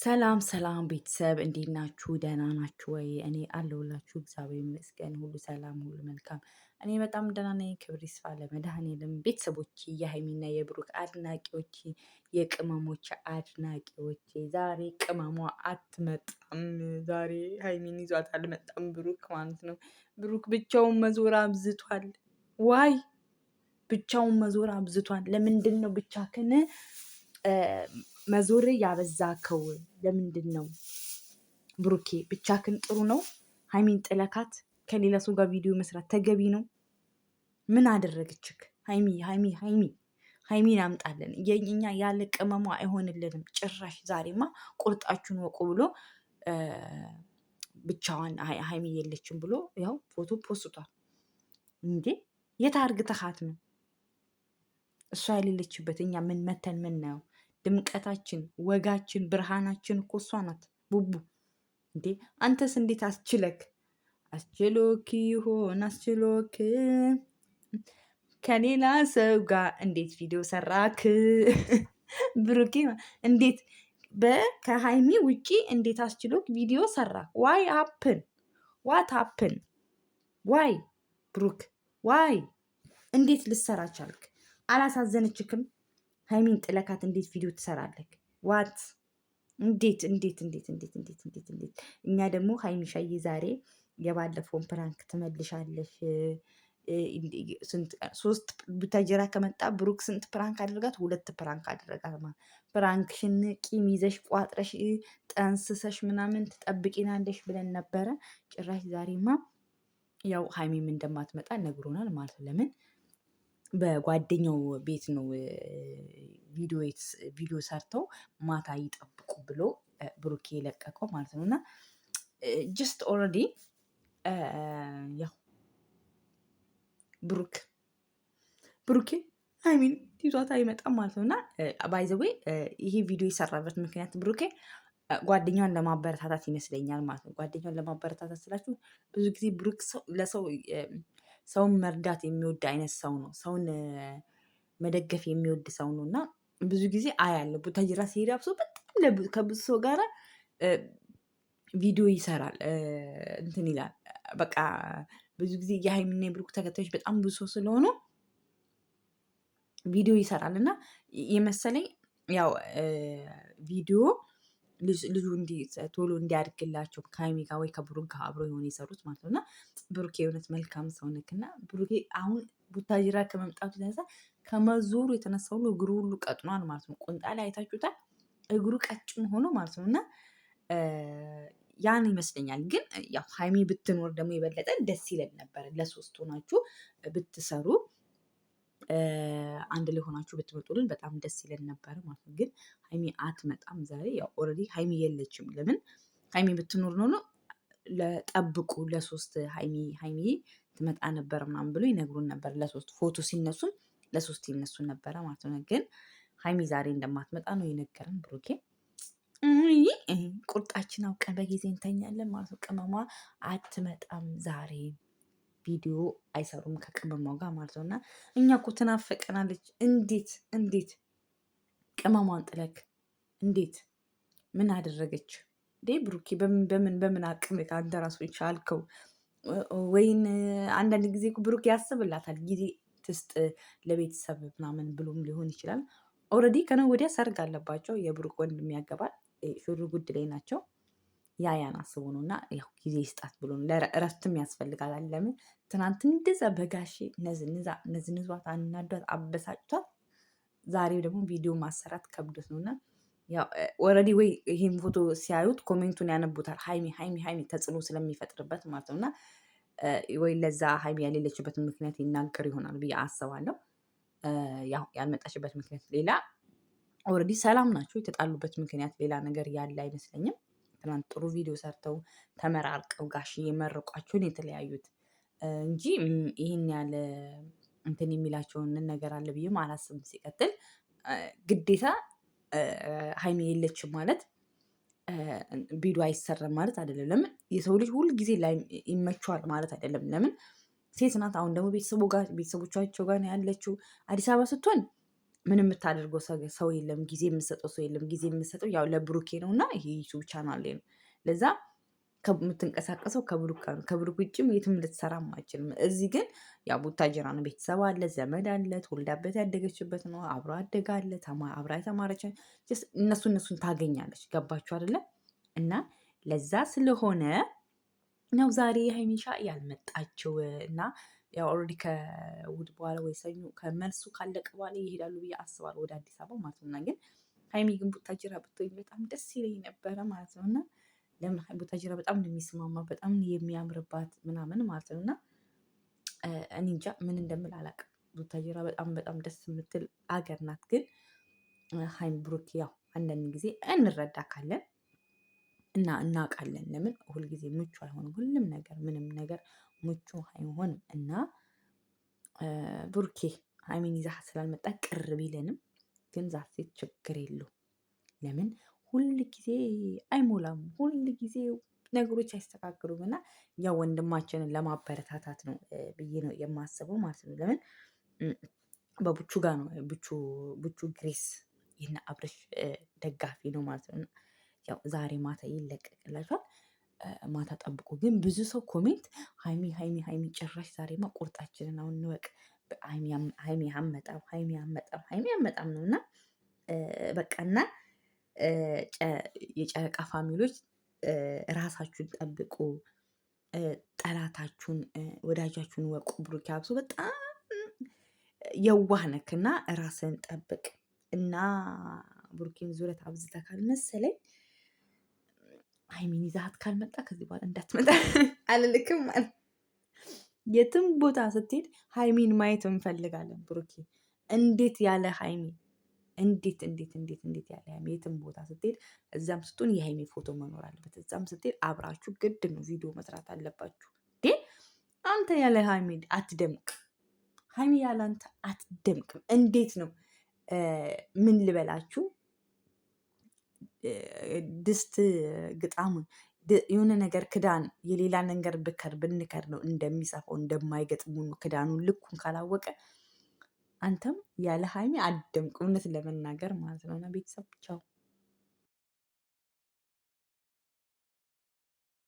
ሰላም ሰላም ቤተሰብ እንዴት ናችሁ? ደህና ናችሁ ወይ? እኔ አለሁላችሁ። እግዚአብሔር ይመስገን፣ ሁሉ ሰላም፣ ሁሉ መልካም። እኔ በጣም ደህና ነኝ። ክብር ይስፋ ለመድኃኔዓለም። ቤተሰቦች፣ የሀይሚና የብሩክ አድናቂዎች፣ የቅመሞች አድናቂዎች፣ ዛሬ ቅመሟ አትመጣም። ዛሬ ሀይሚን ይዟት አልመጣም ብሩክ ማለት ነው። ብሩክ ብቻውን መዞር አብዝቷል። ዋይ ብቻውን መዞር አብዝቷል። ለምንድን ነው ብቻክን መዞር ያበዛከው ለምንድን ነው? ብሩኬ ብቻክን ጥሩ ነው? ሀይሚን ጥለካት ከሌላ ሰው ጋር ቪዲዮ መስራት ተገቢ ነው? ምን አደረገችክ? ሀይሚ ሀይሚ ሀይሚ ሀይሚን አምጣለን። የኛ ያለ ቅመሟ አይሆንልንም። ጭራሽ ዛሬማ ቁርጣችሁን ወቁ ብሎ ብቻዋን ሀይሚ የለችም ብሎ ያው ፎቶ ፖስቷል። እንዴ የት አርግተሃት ነው? እሷ የሌለችበት እኛ ምን መተን ነው? ድምቀታችን፣ ወጋችን፣ ብርሃናችን እኮ እሷ ናት። ቡቡ እንዴ አንተስ እንዴት አስችለክ አስችሎክ ይሆን አስችሎክ ከሌላ ሰው ጋር እንዴት ቪዲዮ ሰራክ? ብሩኬ እንዴት ከሀይሚ ውጪ እንዴት አስችሎክ ቪዲዮ ሰራክ? ዋይ አፕን ዋት አፕን ዋይ ብሩክ ዋይ እንዴት ልሰራ ቻልክ? አላሳዘነችክም? ሀይሚን ጥለካት እንዴት ቪዲዮ ትሰራለክ? ዋት እንዴት እንዴት እንዴት እንዴት እንዴት እንዴት እንዴት እኛ ደግሞ ሀይሚሻዬ ዛሬ የባለፈውን ፕራንክ ትመልሻለሽ። ሶስት ቡታጀራ ከመጣ ብሩክ ስንት ፕራንክ አድርጋት? ሁለት ፕራንክ አድረጋት። ማ ፕራንክሽን ቂም ይዘሽ ቋጥረሽ ጠንስሰሽ ምናምን ትጠብቂናለሽ ብለን ነበረ። ጭራሽ ዛሬማ ያው ሀይሚም እንደማትመጣ ነግሮናል ማለት ለምን በጓደኛው ቤት ነው ቪዲዮ ሰርተው ማታ ይጠብቁ ብሎ ብሩኬ የለቀቀው ማለት ነው። እና ጀስት ኦልሬዲ ያው ብሩክ ብሩኬ አይሚን ይዟት አይመጣም ማለት ነው። እና ባይ ዘ ዌይ ይሄ ቪዲዮ የሰራበት ምክንያት ብሩኬ ጓደኛዋን ለማበረታታት ይመስለኛል ማለት ነው። ጓደኛዋን ለማበረታታት ስላችሁ ብዙ ጊዜ ብሩክ ለሰው ሰውን መርዳት የሚወድ አይነት ሰው ነው። ሰውን መደገፍ የሚወድ ሰው ነው። እና ብዙ ጊዜ አያለሁ ቡታጅራ ሲሄድ አብሶ በጣም ከብዙ ሰው ጋራ ቪዲዮ ይሰራል እንትን ይላል። በቃ ብዙ ጊዜ የሃይሚና የብሩክ ተከታዮች በጣም ብዙ ሰው ስለሆኑ ቪዲዮ ይሰራል እና የመሰለኝ ያው ቪዲዮ ልጁ ቶሎ እንዲያድግላቸው ከሀይሚ ጋር ወይ ከብሩክ ጋር አብሮ የሆነ የሰሩት ማለት ነው። እና ብሩኬ የእውነት መልካም ሰው ነክ እና ብሩኬ አሁን ቡታጅራ ከመምጣቱ ተነሳ ከመዞሩ የተነሳ ሁሉ እግሩ ሁሉ ቀጥኗል ማለት ነው። ቁንጣ ላይ አይታችሁታል። እግሩ ቀጭን ሆኖ ማለት ነው እና ያን ይመስለኛል። ግን ያው ሀይሚ ብትኖር ደግሞ የበለጠ ደስ ይለን ነበር። ለሶስት ሆናችሁ ብትሰሩ አንድ ላይ ሆናችሁ ብትመጡልን በጣም ደስ ይለን ነበረ ማለት ነው። ግን ሀይሚ አትመጣም ዛሬ። ያው ኦልሬዲ ሀይሚ የለችም። ለምን ሀይሚ ብትኖር ነው ነው ለጠብቁ ለሶስት ሀይሚ ሀይሚ ትመጣ ነበር ምናምን ብሎ ይነግሩን ነበር። ለሶስት ፎቶ ሲነሱን ለሶስት ይነሱ ነበረ ማለት ነው። ግን ሀይሚ ዛሬ እንደማትመጣ ነው የነገረን ብሩኬ። ቁርጣችን አውቀን በጊዜ እንተኛለን ማለት ነው። ቅመሟ አትመጣም ዛሬ። ቪዲዮ አይሰሩም ከቅመሟ ጋር ማለት ነው። እና እኛ እኮ ትናፈቀናለች። እንዴት እንዴት ቅመሟን ጥለክ እንዴት ምን አደረገች ዴ ብሩኬ፣ በምን በምን በምን አቅም አንተ ራስህ ቻልከው? ወይን አንዳንድ ጊዜ ብሩኬ ያስብላታል ጊዜ ትስጥ ለቤተሰብ ምናምን ብሎም ሊሆን ይችላል። ኦልሬዲ ከነገ ወዲያ ሰርግ አለባቸው። የብሩክ ወንድም ያገባል። ሽሩ ጉድ ላይ ናቸው። ያያን አስቦ ነው እና ያው ጊዜ ይስጣት ብሎ እረፍትም ያስፈልጋል። ለምን ትናንት እንደዛ በጋሼ ነዝንዟት፣ አናዷት፣ አበሳጭቷት ዛሬ ደግሞ ቪዲዮ ማሰራት ከብዶት ነው እና ኦልሬዲ ወይ ይህም ፎቶ ሲያዩት ኮሜንቱን ያነቡታል። ሀይሚ ሀይሚ ሀይሚ ተጽዕኖ ስለሚፈጥርበት ማለት ነው እና ወይ ለዛ ሀይሚ ያሌለችበት ምክንያት ይናገር ይሆናል ብዬ አስባለሁ። ያው ያልመጣችበት ምክንያት ሌላ፣ ኦልሬዲ ሰላም ናቸው። የተጣሉበት ምክንያት ሌላ ነገር ያለ አይመስለኝም። ትናንት ጥሩ ቪዲዮ ሰርተው ተመራርቀው ጋሽዬ መርቋቸውን የተለያዩት እንጂ ይህን ያለ እንትን የሚላቸውን ነገር አለ ብዬም አላስብም። ሲቀጥል ግዴታ ሀይሚ የለችም ማለት ቪዲዮ አይሰራም ማለት አይደለም። ለምን የሰው ልጅ ሁል ጊዜ ላይ ይመቸዋል ማለት አይደለም። ለምን ሴት ናት። አሁን ደግሞ ቤተሰቦቻቸው ጋር ያለችው አዲስ አበባ ስትሆን ምንም የምታደርገው ሰው የለም። ጊዜ የምሰጠው ሰው የለም። ጊዜ የምሰጠው ያው ለብሩኬ ነው እና ይሄ ዩቱብ ቻናል ነው። ለዛ የምትንቀሳቀሰው ከብሩክ ጋር ነው። ከብሩክ ውጭም የትም ልትሰራ አይችልም። እዚህ ግን ያው ቡታጀራ ነው። ቤተሰብ አለ፣ ዘመድ አለ፣ ተወልዳበት ያደገችበት ነው። አብሮ አደጋ አለ፣ አብራ የተማረች እነሱ እነሱን ታገኛለች። ገባችሁ አይደለም? እና ለዛ ስለሆነ ነው ዛሬ ሀይሚሻ ያልመጣችው እና ያው ኦልሬዲ ከውድ በኋላ ወይ ሰኞ ከመልሱ ካለቀ በኋላ ይሄዳሉ ብዬ አስባለሁ ወደ አዲስ አበባ ማለት ነው። እና ግን ሀይሚ ግን ቡታጅራ ብትሆኝ በጣም ደስ ይለኝ ነበረ ማለት ነው። እና ለምን ቡታጅራ በጣም ነው የሚስማማ በጣም የሚያምርባት ምናምን ማለት ነው። እና እኔ እንጃ ምን እንደምል አላውቅም። ቡታጅራ በጣም በጣም ደስ የምትል አገር ናት። ግን ሀይሚ ብሩክ ያው አንዳንድ ጊዜ እንረዳካለን እና እናውቃለን። ለምን ሁልጊዜ ምቹ አይሆንም ሁሉም ነገር ምንም ነገር ምቹ አይሆንም። እና ብሩኬ ሃይሚን ይዛ ስላልመጣ ቅር ቢለንም ግን ዛት ችግር የለውም። ለምን ሁል ጊዜ አይሞላም ሁል ጊዜ ነገሮች አይስተካከሉም። እና ያው ወንድማችንን ለማበረታታት ነው ብዬ ነው የማስበው ማለት ነው። ለምን በቡቹ ጋር ነው ቡቹ ቡቹ ግሬስ ይህን አብረሽ ደጋፊ ነው ማለት ነው። ያው ዛሬ ማታ ይለቀቅላችኋል። ማታ ጠብቁ። ግን ብዙ ሰው ኮሜንት ሀይሚ ሀይሚ ሀይሚ ጭራሽ ዛሬማ ቁርጣችንን አሁን እንወቅ። ሀይሚ አመጣም ሀይሚ አመጣም ሀይሚ አመጣም ነው እና በቃና የጨረቃ ፋሚሊዎች ራሳችሁን ጠብቁ፣ ጠላታችሁን ወዳጃችሁን ወቁ። ብሩክ ያብሱ በጣም የዋህ ነክ እና ራስን ጠብቅ እና ብሩኬን ዙረት አብዝተካል መሰለኝ ሀይሚን ይዛሀት ካልመጣ ከዚህ በኋላ እንዳትመጣ አልልክም ማለት የትም ቦታ ስትሄድ ሀይሚን ማየት እንፈልጋለን። ብሩኬ እንዴት ያለ ሀይሚ እንዴት እንዴት እንዴት እንዴት ያለ ሀይሚ የትም ቦታ ስትሄድ እዛም ስትሆን የሀይሚ ፎቶ መኖር አለበት። እዛም ስትሄድ አብራችሁ ግድ ነው ቪዲዮ መስራት አለባችሁ። ዴ አንተ ያለ ሀይሚ አትደምቅ፣ ሀይሚ ያለ አንተ አትደምቅም። እንዴት ነው ምን ልበላችሁ ድስት ግጣሙን የሆነ ነገር ክዳን የሌላ ነገር ብከር ብንከር ነው እንደሚሰፋው እንደማይገጥሙን ክዳኑን ልኩን ካላወቀ አንተም ያለ ሀይሚ አደምቅ እውነት ለመናገር ማለት ነው ቤተሰብ ቻው